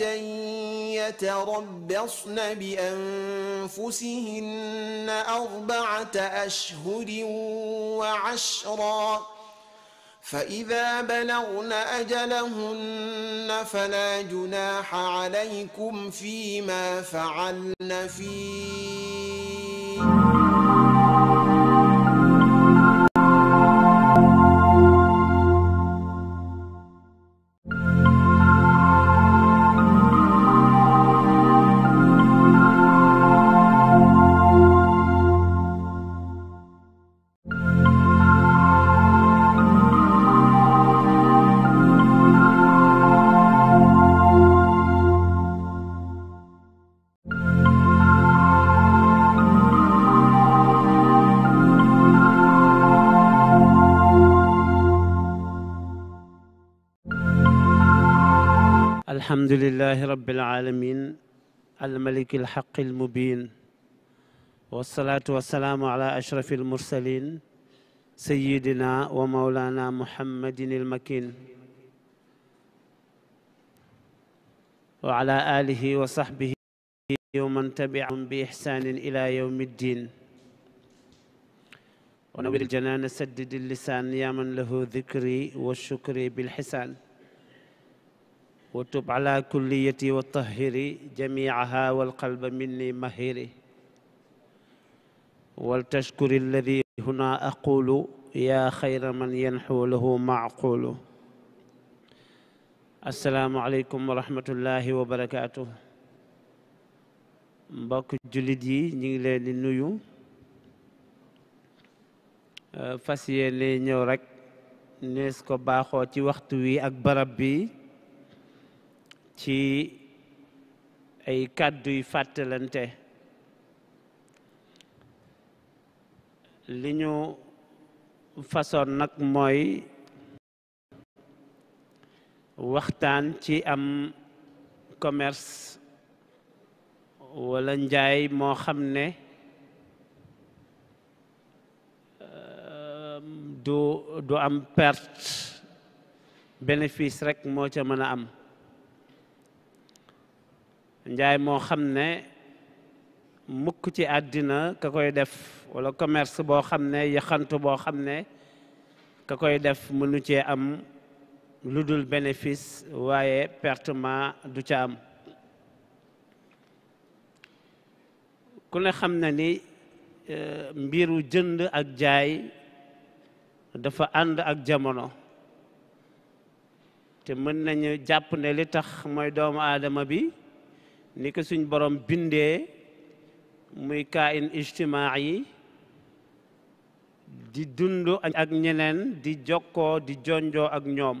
يتربصن بأنفسهن أربعة أشهر وعشرا فإذا بلغن أجلهن فلا جناح عليكم فيما فعلن فيه الحمد لله رب العالمين الملك الحق المبين والصلاة والسلام على أشرف المرسلين سيدنا ومولانا محمد المكين وعلى آله وصحبه ومن تبعهم بإحسان إلى يوم الدين ونور الجنان سدد اللسان يا من له ذكري والشكر بالحسان وتب على كليتي وطهري جميعها والقلب مني مهري ولتشكر الذي هنا أقول يا خير من ينحو له معقول asalaamu aleykum wa rahmatullahi wa barakaatu mbokk jullit yi ñu ngi leen di nuyu euh, fas yéene ñëw rek nees ko baaxoo ci waxtu wi ak barab bi ci ay kàdduy fàttalante li ñu façon nag mooy waxtaan ci am commerce wala njaay moo xam ne euh, du du am perte bénéfice rekk moo ca mën a am njaay moo xam ne mukk ci àddina ka koy def wala commerce boo xam ne yaxantu boo xam ne ka koy def mënu cee am lu dul bénéfice waaye pertement du ca am ku ne xam na ni euh, mbiru jënd ak jaay dafa ànd ak jamono te mën nañu jàpp ne li tax mooy doomu aadama bi ni ko suñ borom bindee muy kaain ijtimaa yi di dund ak ñeneen di jokkoo di jonjoo ak ñoom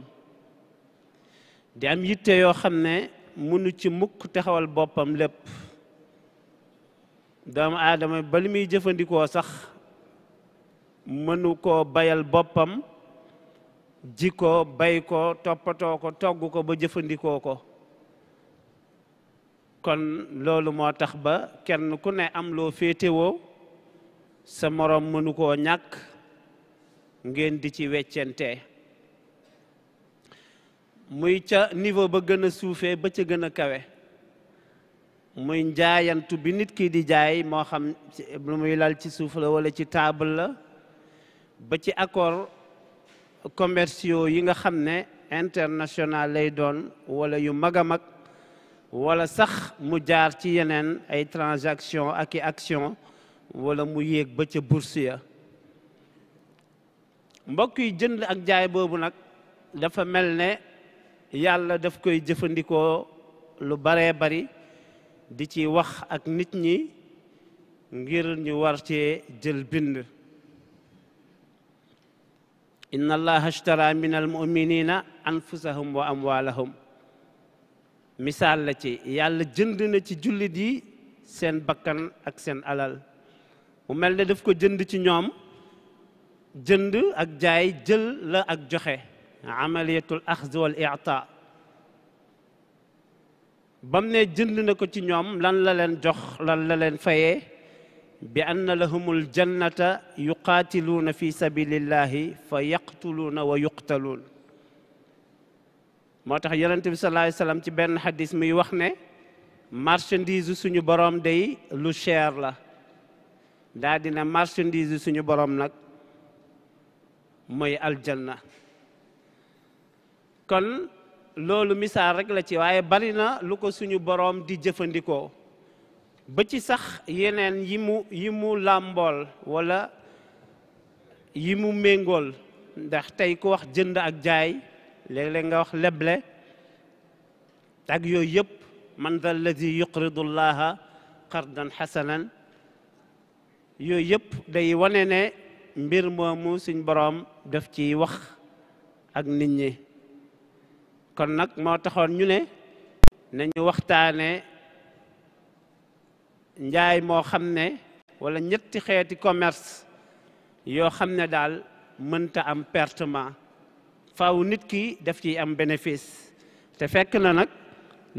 di am yitte yoo xam ne mënu ci mukk taxawal boppam lépp doomu aadama ba muy jëfandikoo sax mënu koo bayal boppam ji ko bay ko toppatoo ko togg ko ba jëfandikoo ko kon loolu moo tax ba kenn ku ne am loo féetewoo sa morom mënu koo ñàkk ngeen di ci weccente muy ca niveau ba gën suufee ba ca gën a kawe muy njaayantu bi nit ki di jaay moo xam lu muy lal ci suuf la wala ci table la ba ci accord commercio yi nga xam ne international lay doon wala yu mag a mag wala sax mu jaar ci yeneen ay transaction ak i action wala mu yéeg ba ca bourse ya mbokk yi jënd ak jaay boobu nag dafa mel ne yàlla daf koy jëfandikoo lu baree bari di ci wax ak nit ñi ngir ñu war cee jël bind inna allaha ashtara min almuminina anfusahum wa amwalahum misaal la ci yàlla jënd na ci jullit yi seen bakkan ak seen alal mu mel ne daf ko jënd ci ñoom jënd ak jaay jël la ak joxe amaliyatul axz wal i'ta bam ne jënd na ko ci ñoom lan la leen jox lan la leen faye bi anna lahumul jannata yuqaatiluuna fi sabilillahi fa yaqtuluuna wa yuqtaluun moo tax yonent bi sallallahu ci benn xadis muy wax ne marchandise suñu borom day lu cher la daa dina suñu borom nag mooy aljanna kon loolu misaal rek la ci waaye bari na lu ko suñu borom di jëfandikoo ba ci sax yeneen yi mu yi mu làmbool wala yi mu méngool ndax tey ku wax jënd ak jaay léeg-léeg nga wax leble ak yooyu yëpp man da alladi yuqridu llaha qardan xasanan yooyu yëpp day wane ne mbir moomu suñ boroom def ci wax ak nit ñi kon nag moo taxoon ñu ne nañu waxtaane njaay moo xam ne wala ñetti xeeti commerce yoo xam ne daal mënta am pertement faaw nit ki def ci am bénéfice te fekk na nag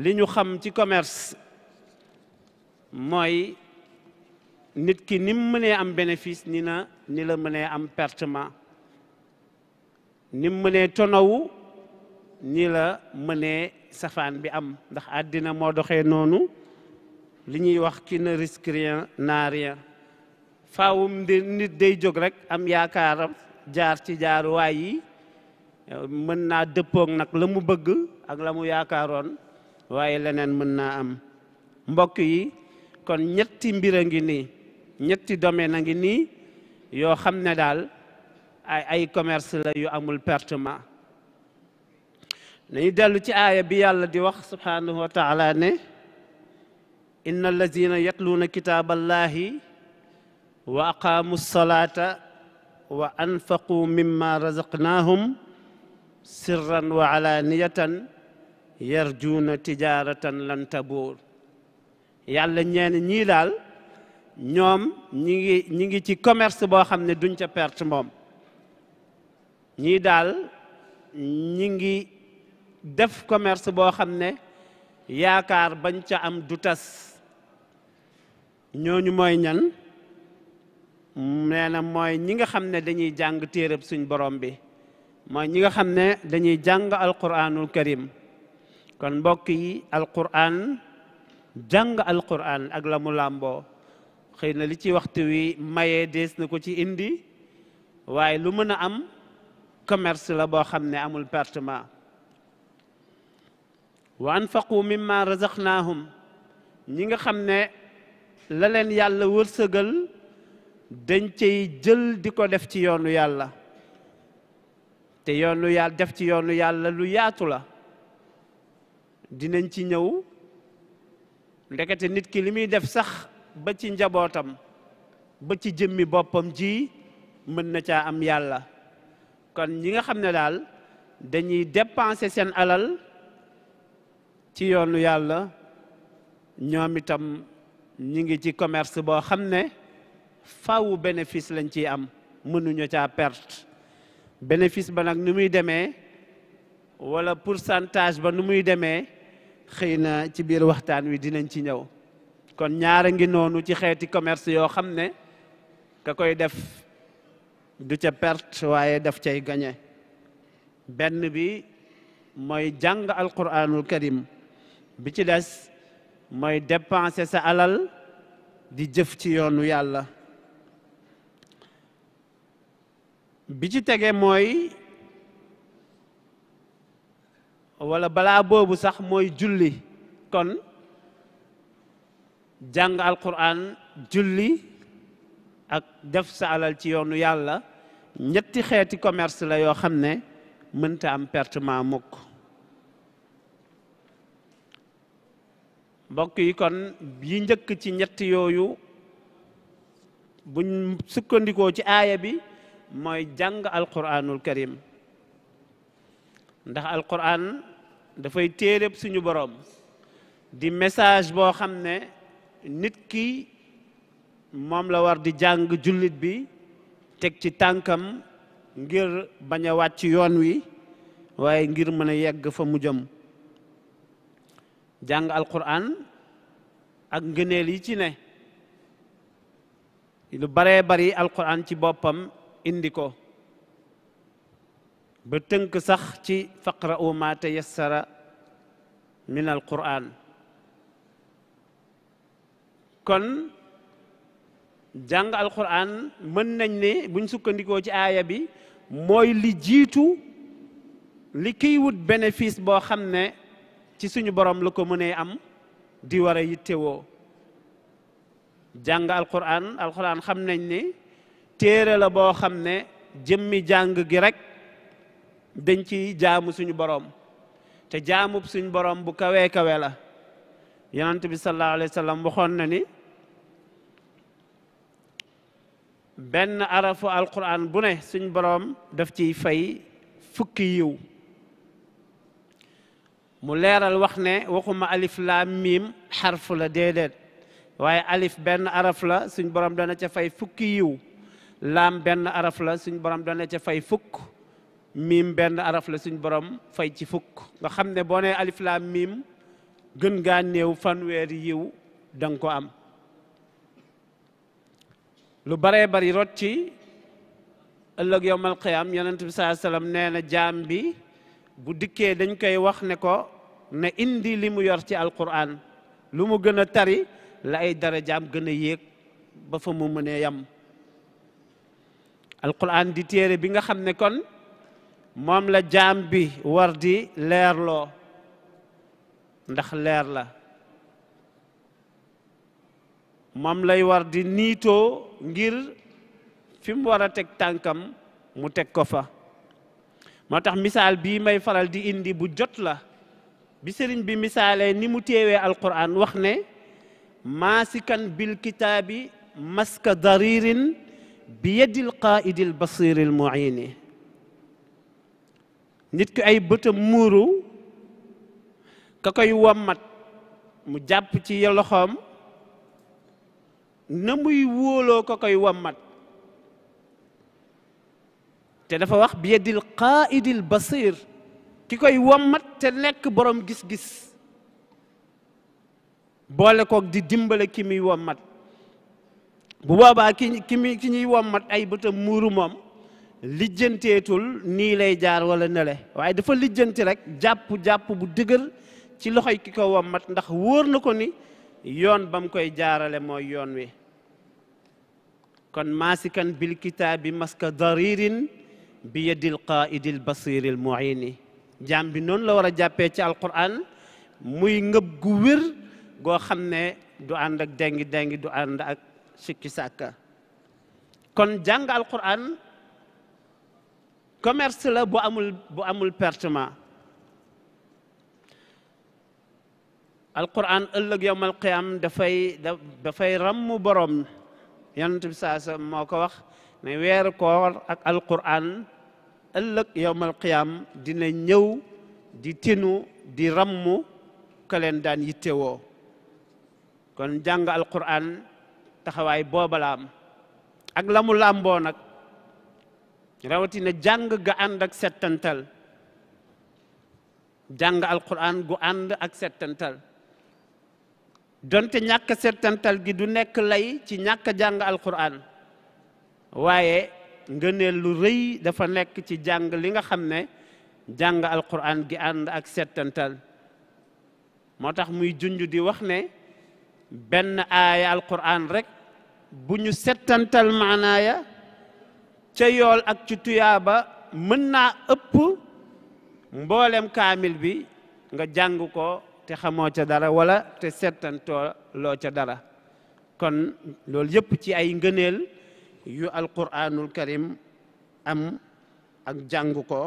li ñu xam ci commerce mooy nit ki ni mu mënee am bénéfice ni na ni la mënee am pertement nim mu mënee tonawu ni la mënee safaan bi am ndax àddina moo doxee noonu li ñuy wax ki ne risque rien n'a rien faawum nit day jóg rek am yaakaaram jaar ci jaaruwaay yi Eh, mën naa dëppook nag la mu bëgg ak la mu yaakaaroon waaye leneen mën naa am mbokk yi kon ñetti mbir a ngi nii ñetti domaine ngi nii yoo xam ne daal ay ay commerce la yu amul pertement nañu dellu ci aaya bi yàlla di wax subhaanahu wa taala ne inna allazina yatluuna kitaaballahi wa aqaamu salaata wa anfaqu mimma razaqnaahum sirran wa alaaniyatan yarjuuna tijaaratan lan yàlla ñeen ñii daal ñoom ñi ngi ci commerce boo xam ne duñ ca perte moom ñii daal ñi ngi def commerce boo xam ne yaakaar bañ ca am du tas ñooñu moy ñan nee na mooy ñi nga xam ne dañuy jàng téereb suñ borom bi mooy ñi nga xam ne dañuy jàng alquranul karim kon mbokk yi alquran jàng alquran ak la mu làmboo xëy na li ci waxtu wi mayee dees na ko ci indi waaye lu mën a am commerce la boo xam ne amul pertement wa anfaqu mimma razaqnaahum ñi nga xam ne la leen yàlla wërsëgal dañ cay jël di ko def ci yoonu yàlla te yoonu yàlla def ci yoonu yàlla lu yaatu la dinañ ci ñëw ndekete nit ki li muy def sax ba ci njabootam ba ci jëmmi boppam ji mën na caa am yàlla kon ñi nga xam ne daal dañuy dépenser seen alal ci yoonu yàlla ñoom itam ñi ngi ci commerce boo xam ne faawu bénéfice lañ ciy am mënuñu caa perte bénéfice ba nag nu muy demee wala pourcentage ba nu muy demee xëy na ci biir waxtaan wi dinañ ci ñëw kon ñaara ngi noonu ci xeeti commerce yoo xam ne ka koy def du ca perte waaye def cay gañe benn bi mooy jàng alquranul karim bi ci des mooy dépenser sa alal di jëf ci yoonu yàlla bi ci tegee mooy wala balaa boobu sax mooy julli kon jàng alquran julli ak def sa ci yoonu yàlla ñetti xeeti commerce la yoo xam ne mënta am pertement mukk mbokk kon yi njëkk ci ñetti yooyu buñ sukkandikoo ci aaya bi mooy jàng alquranul karim ndax alquran dafay téereb suñu boroom di message boo xam ne nit ki moom la war di jàng jullit bi teg ci tànkam ngir bañ a wàcc yoon wi waaye ngir mën a yegg fa mu jëm jàng alquran ak ngëneel yi ci ne lu baree bari alquran ci boppam indi ko ba tënk sax ci faqra'u ma tayassara min alquran kon jàng alquran mën nañ ne buñ sukkandikoo ci aaya bi mooy li jiitu li kiy wut bénéfice boo xam ne ci suñu borom la ko mënee am di war a yittewoo jàng alquran alquran xam nañ ne téere la boo xam ne jëmmi jàng gi rekk dañ ci jaamu suñu boroom te jaamub suñ boroom bu kawee kawe la yonent bi sallallahu alayhi waxoon na ni benn arafu alquran bu ne suñ boroom daf ciy fay fukki yiw mu leeral wax ne waxuma alif laam miim xarfu la déedéet waaye alif benn araf la suñ boroom dana ca fay fukki yiw laam benn araf la suñ borom dana ca fay fukk miim benn araf la suñ boroom fay ci fukk nga xam ne boo nee alif miim gën ngaa néew fanweeri yiw da ko am lu baree bari rot ci ëllëg yowmal qiyaam yonent bi saa nee na jaam bi bu dikkee dañ koy wax ne ko ne indi li mu yor ci alxuraan lu mu gën a tari la ay darajaam gën a yéeg ba fa mu mënee yam alquran di téere bi nga xam ne kon moom la jaam bi war di leerloo ndax leer la moom lay war di niitoo ngir fi mu war a teg tànkam mu teg ko fa moo tax misaal bi may faral di indi bu jot la bi sëriñ bi misaalee ni mu téewee alquran wax ne maasikan bil kitaabi maska daririn bi yeddil qaaidil basiril muini nit ki ay bëtam muuru ka koy wommat mu jàpp ci loxoom na muy wóoloo ka koy wommat te dafa wax bi yeddil qaaidil basir ki koy wommat te nekk borom gis-gis boole koog di dimbale ki muy wommat bu boobaa ki ki mi ki ñuy wommat ay bëtam muru moom lijjanteetul nii lay jaar wala nele waaye dafa lijjanti rek jàpp jàpp bu dëgër ci loxoy ki ko wommat ndax wóor na ko ni yoon bam koy jaarale mooy yoon wi kon maasikan bil kitaabi maska daririn bi yadil qaidil basiril muini jaam bi noonu la war a jàppee ci alquran muy ngëb gu wér goo xam ne du ànd ak dengi dengi du ànd ak sikki sàkka kon jàng alquran commerce la bu amul bu amul pertement alquran ëllëg yowmal qiyaam dafay dafay ràmm borom yonent bi sa moo ko wax ne weeru koor ak alquran ëllëg yowmal dina ñëw di tinu di ràmm ka leen daan kon jàng alquran taxawaay boobalaam la am ak la làmboo nag rawatina jàng ga ànd ak settantal jàng alquran gu ànd ak settantal donte ñàkk setantal gi du nekk lay ci ñàkk jàng alquran waaye ngëneel lu rëy dafa nekk ci jàng li nga xam ne jàng alquran gi ànd ak setantal moo tax muy junj di wax ne benn aaya alquran rek bu ñu settantal maanaaya ca yool ak ci tuyaaba mën na ëpp mboolem kaamil bi nga jàng ko te xamoo ca dara walla te settantoo loo ca dara kon loolu yépp ci ay ngëneel yu alquraanul karim am ak jàng ko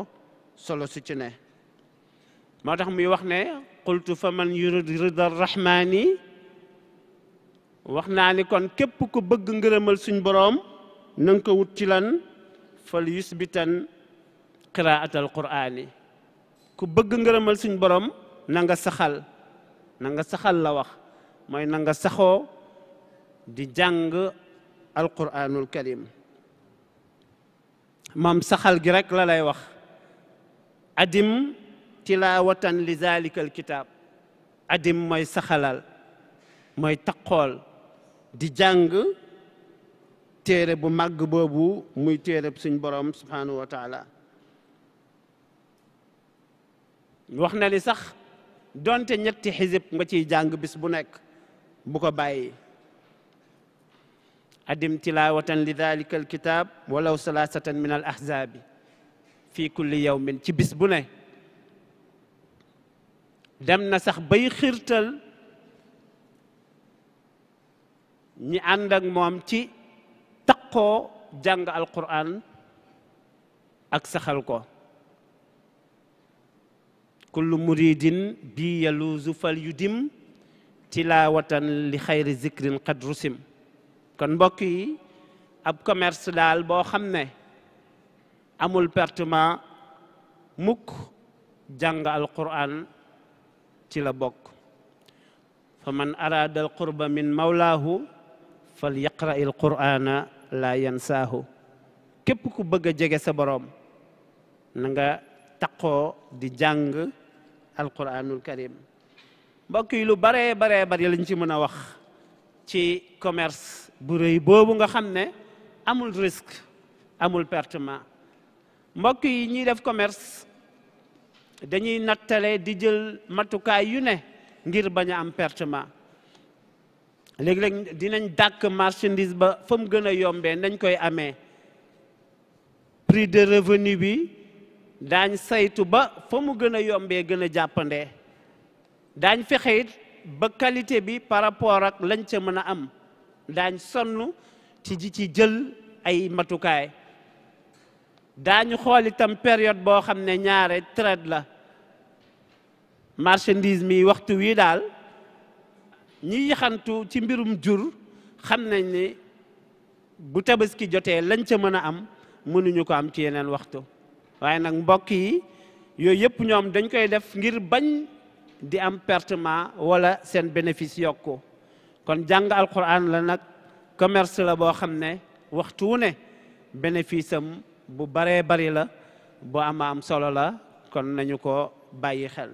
solo su ci ne moo tax muy wax ne qultu fa man yurid rida arrahmani wax naa ni kon képp ku bëgg ngërëmal suñ boroom na nga ko wut ci lan fal yusbitan ku bëgg ngërëmal suñ borom na nga saxal na nga saxal la wax mooy na nga saxoo di jàng alquraanul karim moom saxal gi rek la lay wax adim tilaawatan li zalika alkitab adim mooy saxalal mooy taqool di jàng téere bu màgg boobu muy téere suñ borom subhanahu wa wax na ni sax donte ñetti xisib nga ciy jàng bis bu nekk bu ko bàyyi adim tilawatan li dalika alkitab walaw salaasatan min al ahzabi fi kulli yawmin ci bis bu ne dem na sax bay xirtal ñi ànd moom ci taqoo jàng alquran ak saxal ko kullu muridin bi yaluusu fal yudim tilaawatan li xayri zikrin qad rusim kon mbokk yi ab commerce daal boo xam ne amul pertement mukk jàng alquran ci la bokk fa man araada alqurba min mawlaahu fal yaqra'il qur'ana laa yansaahu képp ku bëgg a jege sa boroom na nga taqoo di jàng alquranul karim mbokk yi lu baree baree bari lañ ci mën a wax ci commerce bu rëy boobu nga xam ne amul risque amul pertement mbokk yi ñiy def commerce dañuy nattale di jël matukaay yu ne ngir bañ a am pertement léeg-léeg dinañ dàkk marchandise ba fa mu gën a yombee nañ koy amee prix de revenu bi daañ saytu ba fa mu gën a yombee gën a jàppandee daañ fexe ba qualité bi par rapport ak lañ ca mën a am daañ sonn ci ji ci jël ay matukaay daañu xool itam période boo xam ne ñaare traite la marchandise mi waxtu wii daal ñi yaxantu ci mbirum jur xam nañ ni bu tabaski jotee lañ ca mën a am mënuñu ko am ci yeneen waxtu waaye nag mbokk yi yooyu yëpp ñoom dañ koy def ngir bañ di am pertement wala seen bénéfice yokku kon jàng alquran la nag commerce la boo xam ne waxtu wu ne bénéfice am bu baree bari la bu ama am solo la kon nañu ko bàyyi xel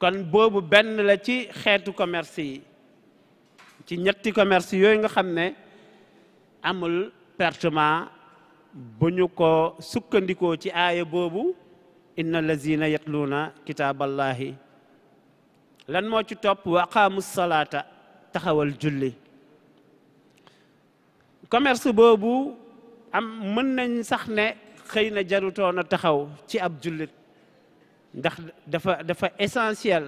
kon boobu benn la ci xeetu commerce yi ci ñetti commerce yooyu nga xam ne amul pertement bu ñu ko sukkandikoo ci aaya boobu inna yetlu na kitaaballahi lan moo ci topp wa aqaamu salaata taxawal julli commerce boobu am mën nañ sax ne xëy na jarutoon taxaw ci ab jullit ndax dafa dafa essentiel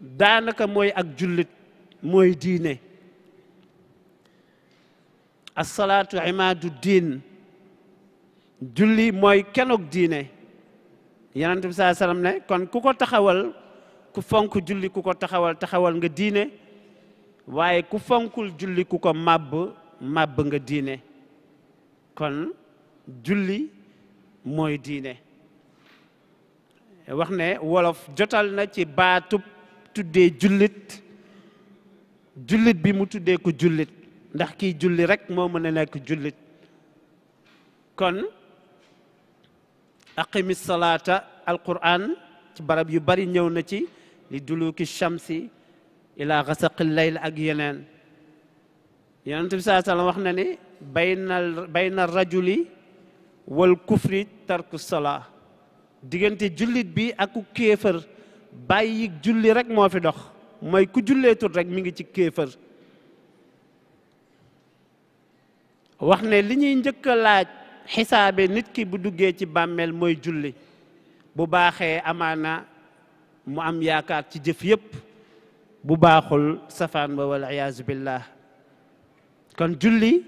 daanaka mooy ak jullit mooy diine asalaatu imaadu diin julli mooy kenoog diine yonent bi saa ne kon ku ko taxawal ku fonk julli ku ko taxawal taxawal nga diine waaye ku fonkul julli ku ko màbb màbb nga diine kon julli mooy diine wax ne wolof jotal na ci baatub tuddee jullit jullit bi mu tuddee ko jullit ndax ki julli rek moo mën a nekk jullit kon aqimi salaata alquran ci barab yu bari ñëw na ci li duluki shamsi ila xasaqi layl ak yeneen yonent bi saa sallam wax na ni bayna bayna rajuli wal tarku salaa diggante jullit bi ak ku kéefër bàyyi julli rekk moo fi dox mooy ku julleetul rekk mu ngi ci kéefër wax ne li ñuy njëkk a laaj xisaabe nit ki bu duggee ci bàmmeel mooy julli bu baaxee amaana mu am yaakaar ci jëf yépp bu baaxul safaan wa wal iyaazu billah kon julli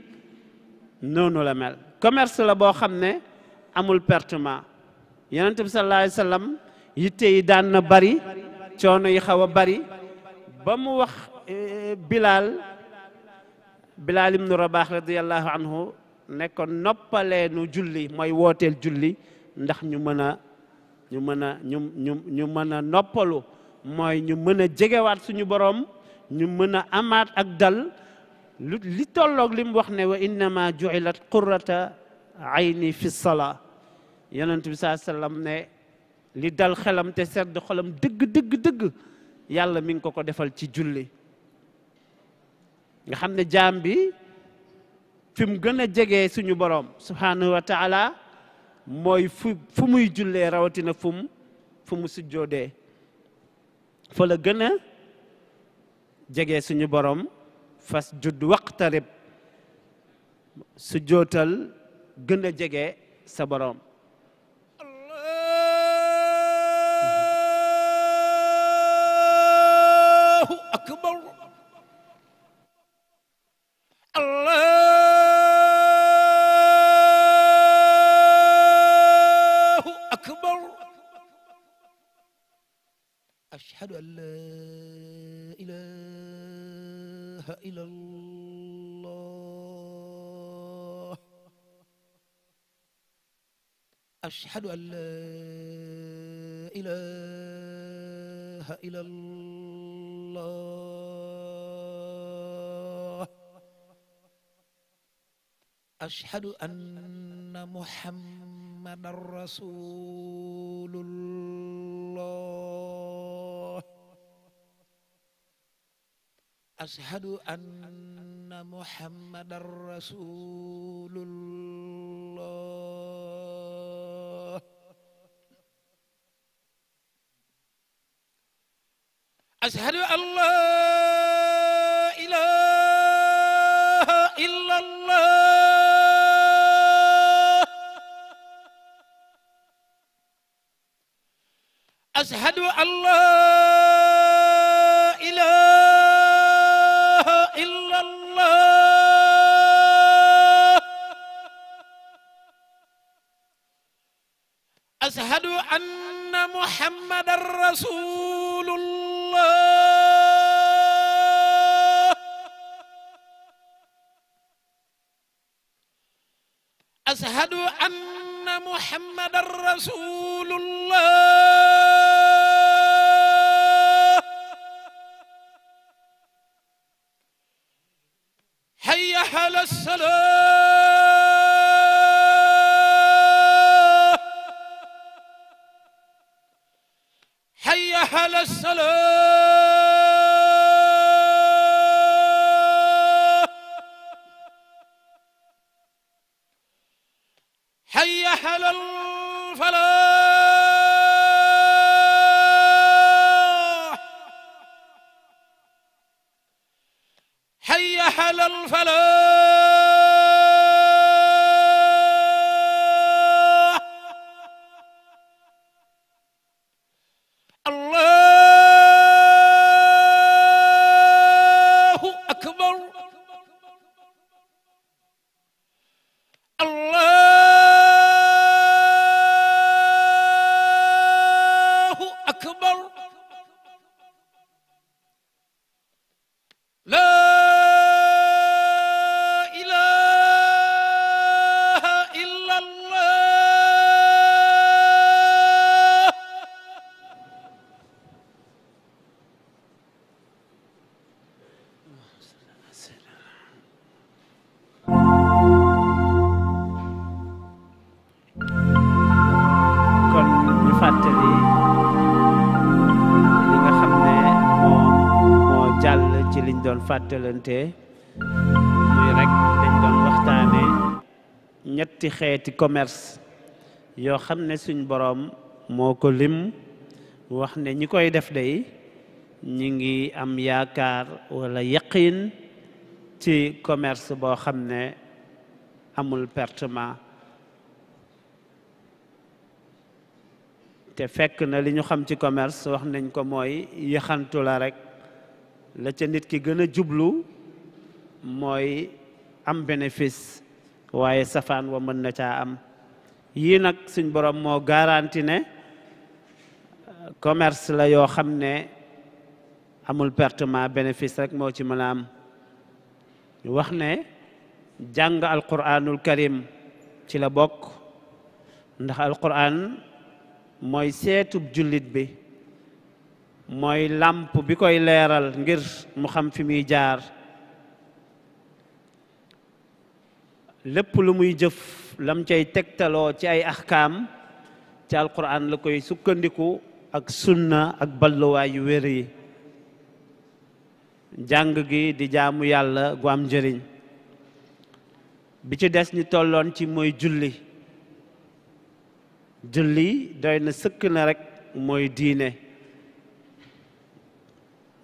noonu la mel commerce la boo xam ne amul pertement yonent bi sallallahu alayhi wa sallam yitte yi daan na bari coono yi xaw a bari ba mu wax bilaal eh, Bilal ibnu Rabaax radiyallahu anhu ne ko noppalee nu julli mooy wooteel julli ndax ñu mën a ñu mën a ñu mën a noppalu mooy ñu mën a jegewaat suñu boroom ñu mën a amaat ak dal lu li tolloog li wax ne wa innama ju'ilat qurrata ayni fi salaa yonent bi saa ne li dal xelam te sedd xolam dëgg dëgg yàlla mi ngi ko ko defal ci julli nga xam ne jaam bi fi mu gën a jegee suñu borom subhanahu wa mooy fu fu jullee rawatina fu mu fu mu sujjoodee la gën a jegee suñu borom fas judd waqtarib sujjootal gën a jege sa borom ashhadu an la ilaha illallah ashhadu an la ilaha illallah ashhadu anna muhammadan rasulullah ashadu anna muhammadan rasulullah ashadu an laa ilaaha illallah ashadu an laa anna muhammadan rasulullah ashhadu anna muhammadan rasulullah hayya ala salaam fàttalante muy dañ doon waxtaane ñetti xeeti commerce yoo xam ne suñ boroom moo ko lim wax ne ñi koy def day ñi ngi am yaakaar wala yaqiin ci commerce boo xam ne amul pertement te fekk na li ñu xam ci commerce wax nañ ko mooy yaxantu la la ca nit ki gën a jublu mooy am bénéfice waaye safaan wa mën na caa am yii nag suñ borom moo garanti ne euh, commerce la yoo xam ne amul pertement bénéfice rek moo ci mën am wax ne jàng alquranul karim ci la bokk ndax alquran mooy seetub jullit bi mooy làmp bi koy leeral ngir mu xam fi muy jaar lépp lu muy jëf lam cay tegtaloo ci ay axkaam ci alquran la koy sukkandiku ak sunna ak balluwaay yu wér yi jàng gi di jaamu yàlla gu am njëriñ bi ci des ni tolloon ci mooy julli julli doy na sëkk na rekk mooy diine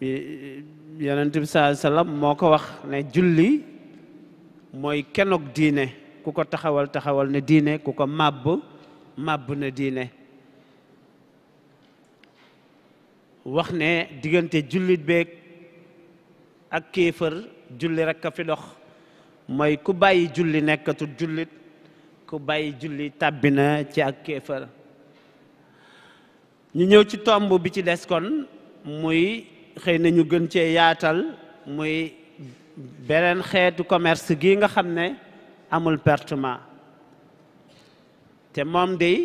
yeneen bi saa sallam moo ko wax ne julli mooy kenok diine ku ko taxawal taxawal na diine ku ko màbb màbb na diine wax ne diggante jullit beek ak kéefër julli rek a fi mooy ku bàyyi julli nekkatul jullit ku bàyyi julli tàbbi na ci ak kéefër ñu ñëw ci tomb bi ci des kon muy xëy na ñu gën cee yaatal muy beneen xeetu commerce gi nga xam ne amul pertement te moom day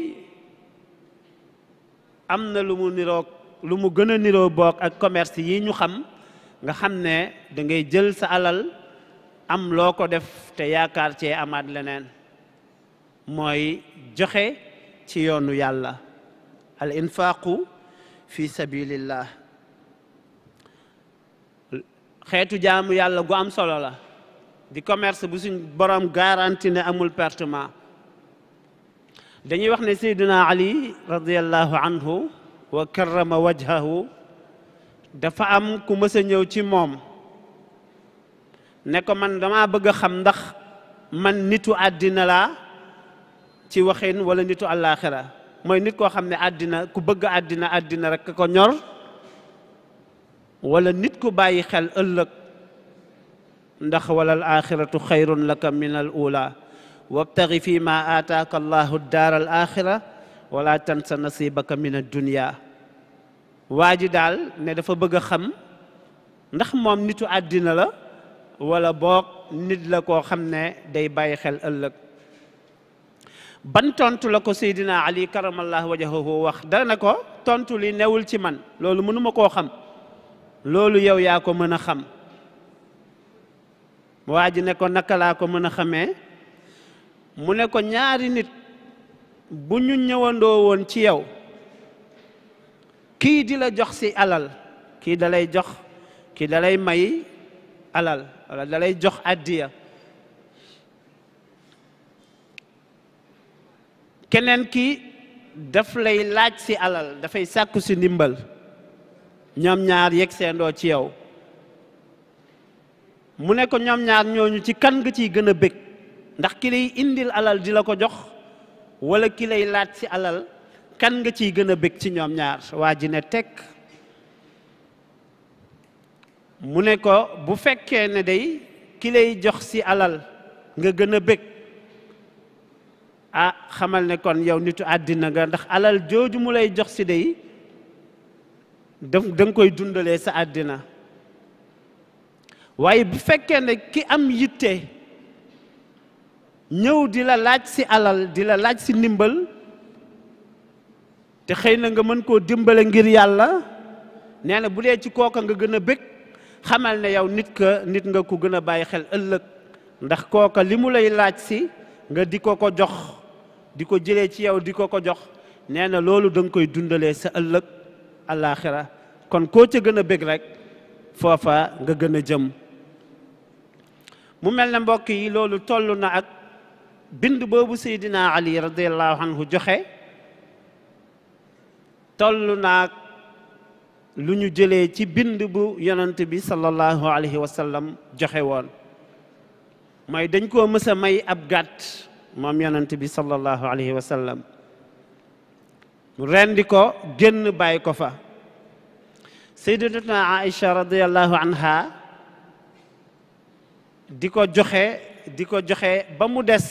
am na lu mu niroog lu mu gën a niroo boog ak commerce yi ñu xam nga xam ne dangay jël sa alal am loo ko def te yaakaar cee amaat leneen mooy joxe ci yoonu yàlla al infaaqu fi sabilillah xeetu jaamu yàlla gu am solo la di commerce bu suñ borom garanti ne amul pertement dañuy wax ne Seydina Ali radiallahu anhu wa karrama wajhahu dafa am ku mës ñëw ci moom ne ko man dama bëgg a xam ndax man nitu àddina laa ci waxin wala nitu àllaaxira mooy nit koo xam ne àddina ku bëgg àddina àddina rek ko ñor wala nit ku bàyyi xel ëllëg ndax walal axiratu xayrun laka min al ula wabtagi fi ma aataaka allahu daar wala tansa nasibaka min addunia waa ji daal ne dafa bëgg a xam ndax moom nitu àddina la wala boog nit la koo xam ne day bàyyi xel ëllëg ban tontu la ko Seydina Ali karamallahu wajahahu wax dana ko tontu li newul ci man loolu mënuma koo xam loolu yow yaa ko mën a xam waa ji ne ko naka laa ko mën a xamee mu ne ko ñaari nit bu ñu ñëwandoo woon ci yow kii di la jox ci alal kii da jox kii dalay lay may alal wala da lay jox addiya keneen kii daf lay laaj ci alal dafay sàkku ci ndimbal ñoom ñaar yegg seendoo ci yow mu ne ko ñoom ñaar ñooñu ci kan nga ciy gën a bëgg ndax ki lay indil alal di la ko jox walla ki lay laaj si alal kan nga ciy gën a bëgg ci ñoom ñaar waa ji ne teg mu ne ko bu fekkee ne day ki lay jox si alal nga gën a bëgg a ah, xamal ne kon yow nitu àddina nga ndax alal jooju mu lay jox si day da nga koy dundalee sa àddina waaye bu fekkee ne ki am yitte ñëw di la laaj si alal di la laaj si ndimbal te xëy na nga mën koo dimbale ngir yàlla nee na bu dee ci kooka nga gën a bëgg xamal ne yow nit ka nit nga ko gën a bàyyi xel ëllëg ndax kooka li mu lay laaj si nga di ko ko jox di ko jëlee ci yow di ko ko jox nee na loolu danga koy dundale sa ëllëg alaaxira kon koo ca gën a bég rek foofa nga gën a jëm mu mel ne mbokk yi loolu toll na ak bind boobu Seydina Ali radiallahu anhu joxe toll naag lu ñu jëlee ci bind bu yonent bi sallallahu alayhi wa sallam joxe woon may dañ koo mës may ab gàtt moom yonent bi sallallahu alayhi wa sallam rendi ko génn bàyyi ko fa sayyidatuna Aïcha radiyallahu anha di ko joxe di ko joxe ba mu des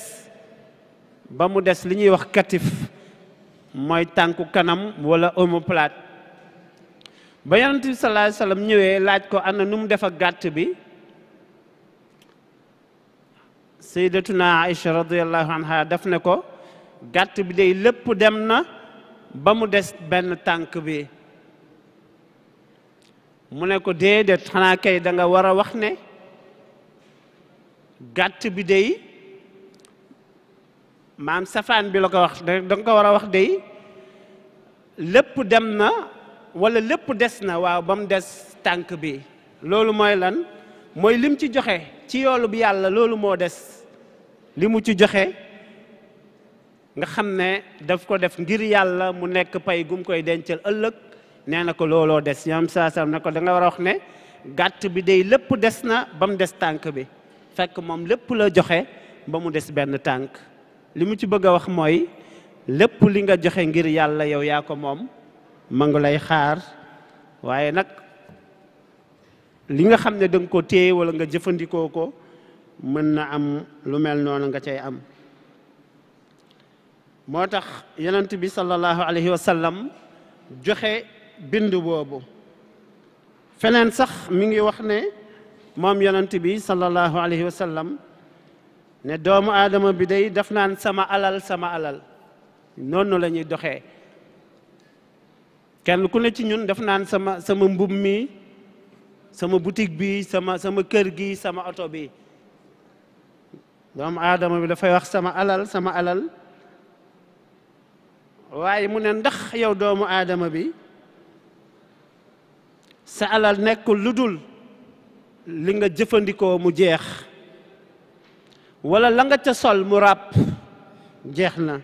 ba mu des li ñuy wax katif mooy tànku kanam wala omoplate ba yonent bi sallallahu ñëwee laaj ko am na nu mu def ak gàtt bi sayyidatuna Aïcha radiyallahu anha daf ne ko gàtt bi day lépp dem na ba mu des benn tànk bi mu ne ko déedéet xanaa kay danga war a wax ne gàtt bi day maam safaan bi la ko wax da ko war a wax day lépp dem na wala lépp des na waaw ba mu des tànk bi loolu mooy lan mooy limu ci joxe ci yoolu yàlla loolu moo des li mu ci joxe nga xam ne daf ko def ngir yàlla mu nekk pay gum koy dencal ëllëg nee na ko looloo des yam saa na ko danga war a wax ne gàtt bi day lépp des na ba mu des tànk bi fekk moom lépp la joxe ba mu des benn tànk li mu ci bëgg a wax mooy lépp li nga joxe ngir yàlla yow yaa ko moom ma ngi lay xaar waaye nag li nga xam ne da ko téye wala nga jëfandikoo ko mën na am lu mel noonu nga cay am moo tax yonent bi sallallahu alayhi wa joxe bind boobu feneen sax mu ngi wax ne moom yonent bi sallallahu alayhi wa ne doomu aadama bi day daf naan sama alal sama alal noonu lañuy ñuy doxee kenn ku ne ci ñun daf naan sama sama mbub mi sama boutique bi sama sama kër gi sama oto bi doomu aadama bi dafay wax sama alal sama alal waaye mu ne ndax yow doomu aadama bi sa alal nekkul lu dul li nga jëfandikoo mu jeex walla la nga ca sol mu ràpp jeex na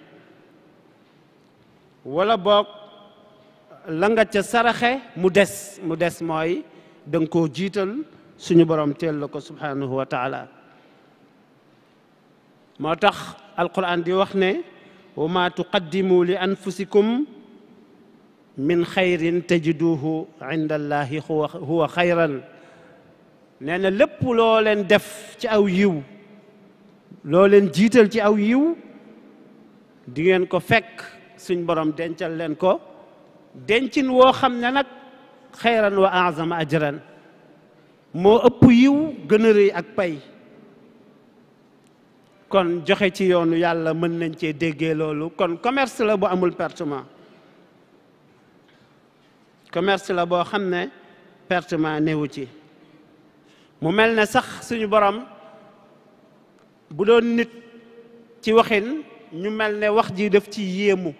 wala boog la nga ca saraxe mu des mu des mooy da ko jiital suñu borom teel la ko subhanahu wa taala moo tax alquran di wax ne wa ma tuqaddimu li anfusikum min xayrin tajiduhu inda huwa huwa xayran nee na lépp loo leen def ci aw yiw loo leen jiital ci aw yiw dingeen ko fekk suñ borom dencal leen ko dencin woo xam ne nag xayran wa azama ajran moo ëpp yiw gën a rëy ak pay kon joxe ci yoonu yàlla mën nañ cee déggee loolu kon commerce la bu amul pertement commerce la boo xam ne pertement néewu ci mu mel ne sax suñu borom bu doon nit ci waxin ñu mel ne wax ji def ci yéemu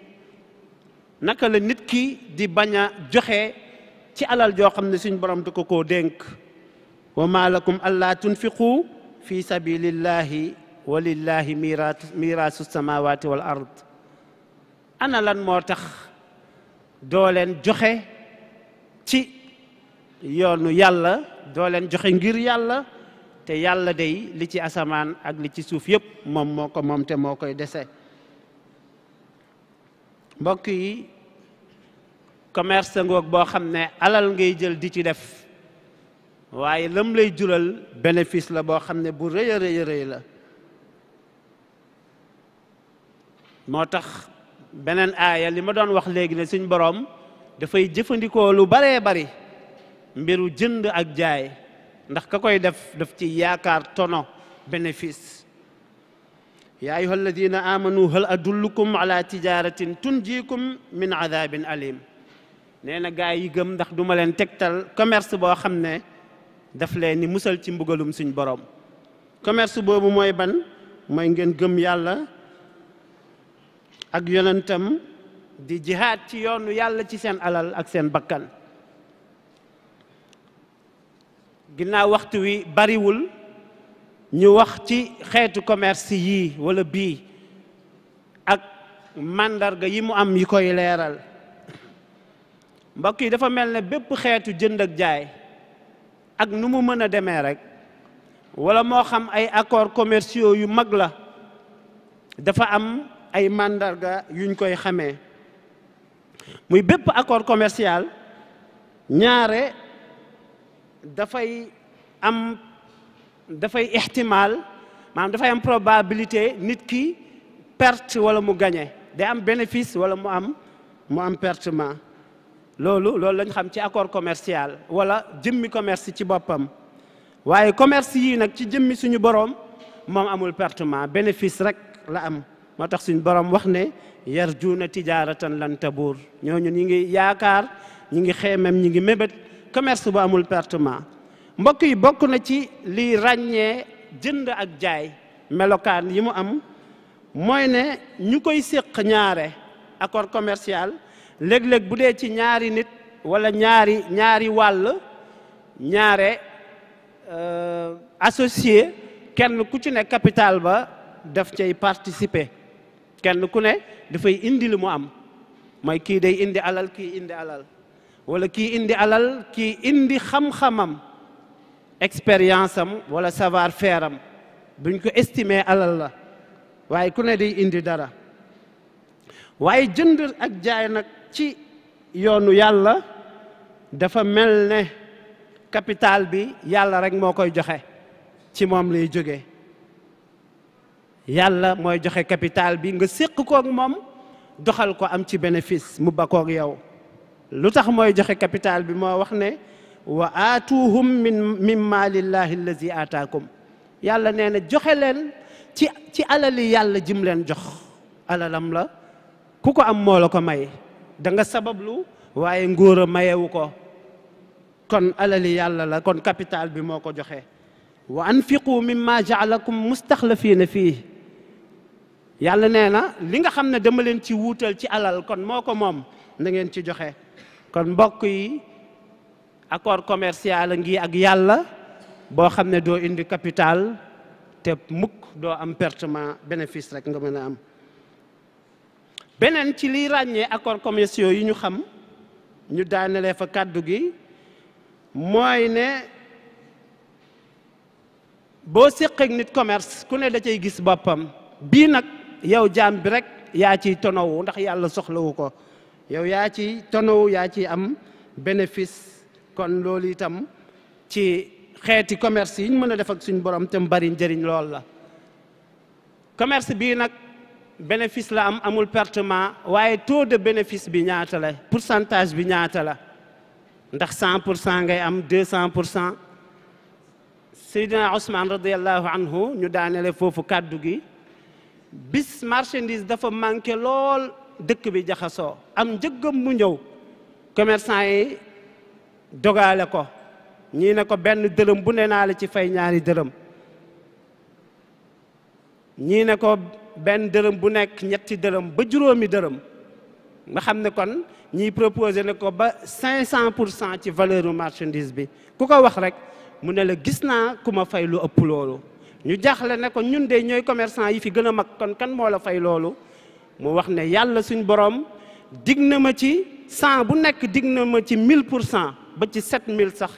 naka la nit ki di baña joxe ci alal joo xam ne suñu borom du ko koo dénk wa ma lakum allaa tunfiqu fi sabilillahi walillahi miraasu samawati wal ard ana lan moo tax doo joxe ci yoonu yàlla doo leen joxe ngir yàlla te yàlla day li ci asamaan ak li ci suuf yëpp moom moo ko moom te moo koy dese mbokk yi commerce ngoog boo xam ne alal ngay jël di ci def waaye lam lay jural bénéfice la boo xam ne bu rëy a rëy la moo tax beneen aaya li ma doon wax léegi ne suñ boroom dafay jëfandikoo lu baree bari mbiru jënd ak jaay ndax ka koy def def ci yaakaar tono bénéfice yaa ayuha alladina amanu hal adullukum ala tijaratin tunjikum min adabin alim nee na gaa yi gëm ndax duma leen tegtal commerce boo xam ne daf leen ni musal ci mbugalum suñ borom commerce boobu mooy ban mooy ngeen gëm yàlla ak yonentam di jihaad ci yoonu yàlla ci seen alal ak seen bakkan ginnaaw waxtu wi bariwul ñu wax ci xeetu commerce yii wala bii ak màndarga yi mu am yi koy leeral mbokk yi dafa mel ne bépp xeetu jënd ak jaay ak nu mu mën a demee rek wala moo xam ay accords commerciaux yu mag la dafa am ay màndarga yuñ koy xamee muy bépp accord commercial ñaare dafay am dafay ixtimaal maanaam dafay am probabilité nit ki perte wala mu gagné day am bénéfice wala mu am mu am pertement loolu loolu lañ xam ci accord commercial wala jëmmi commerce ci boppam waaye commerce yii nag ci jëmmi suñu boroom moom amul pertement bénéfice rek la am moo tax suñ borom wax ne yar yarjuuna tijaaratan lan tabuur ñooñu ñi ngi yaakaar ñi ngi xeemem ñi ngi mébét commerce bu amul pertement mbokk yi bokk na ci liy ràññee jënd ak jaay melokaan yi mu am mooy ne ñu koy séq ñaare accord commercial léeg-léeg bu dee ci ñaari nit wala ñaari ñaari wàll ñaare euh, associé kenn ku ci ne capital ba def cay participer kenn ku ne dafay indi lu mu am mooy kii day indi alal kii indi alal wala kii indi alal kii indi xam-xamam expérience am wala savoir faire am buñ ko estimer alal la waaye ku ne day indi dara waaye jënd ak jaay nag ci yoonu yàlla dafa mel ne capital bi yàlla rek moo koy joxe ci moom lay jóge yàlla mooy joxe capital bi nga séq koog moom doxal ko am ci bénéfice mu ba koog yow lu tax mooy joxe capital bi moo wax ne wa aatuhum min min maalillahi allazi aataakum yàlla nee na joxe leen ci ci alali yàlla jim leen jox alalam la ku ko am moo la ko may danga nga sabablu waaye nguur a mayewu ko kon alali yàlla la kon capital bi moo ko joxe wa anfiqu mimma jaalakum mustaxlafiina fii yàlla nee na li nga xam ne dama leen ci wuutal ci alal kon moo ko moom na ci joxe kon mbokk yi accord commercial ngi ak yàlla boo xam ne doo indi capital te mukk doo am pertement bénéfice rek nga mën a am beneen ci liy ràññee accords commerciaux yi ñu xam ñu daanelee fa kàddu gi mooy ne boo séq ak nit commerce ku ne da cay gis boppam bii nag yow jaam bi rek yaa ciy tonowu ndax yàlla soxlawu ko yow yaa ci tonowu yaa ciy am bénéfice kon loolu itam ci xeeti commerce yi mën a def ak suñu borom te mu bari njëriñ lool la commerce bii nag bénéfice la am amul pertement waaye taux de bénéfice bi ñaata la pourcentage bi ñaata la ndax 100 pour cent ngay am 200 pour cent Seydina Ousmane radiallahu anhu ñu daanele foofu kàddu gi bis marchandise dafa manqué lool dëkk bi jaxasoo am njëggam mu ñëw commerçant yi dogaale ko ñii ne ko benn dërëm bu ne naa la ci fay ñaari dërëm ñii ne ko benn dërëm bu nekk ñetti dërëm ba juróomi dërëm nga xam ne kon ñiy proposé ne ko ba cent pour cent ci valeur marchandise bi ku ko wax rek mu ne la gis naa ku ma fay lu ëpp loolu ñu jaaxle na ko ñun de ñooy commerçant yi fi gën a mag kon kan moo la fay loolu mu wax ne yàlla suñ borom digg na ma ci cent bu nekk digg na ma ci mille pour cent ba ci sept mille sax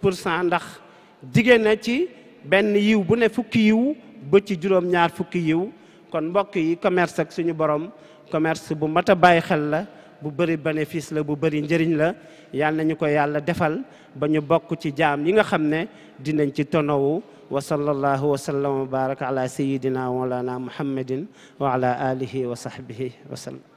pour cent ndax dige na ci benn yiw bu ne fukki yiw ba ci juróom-ñaar fukki yiw kon mbokk yi commerce ak suñu borom commerce bu mat a bàyyi xel la bu bëri bénéfice la bu bëri njëriñ la yal nañu ko yàlla defal ba ñu bokk ci jaam yi nga xam ne dinañ ci tonowu wa sallallahu wa sallam wa baraka ala sayidina wa mawlana muhammadin wa ala alihi wa sahbihi wa sallam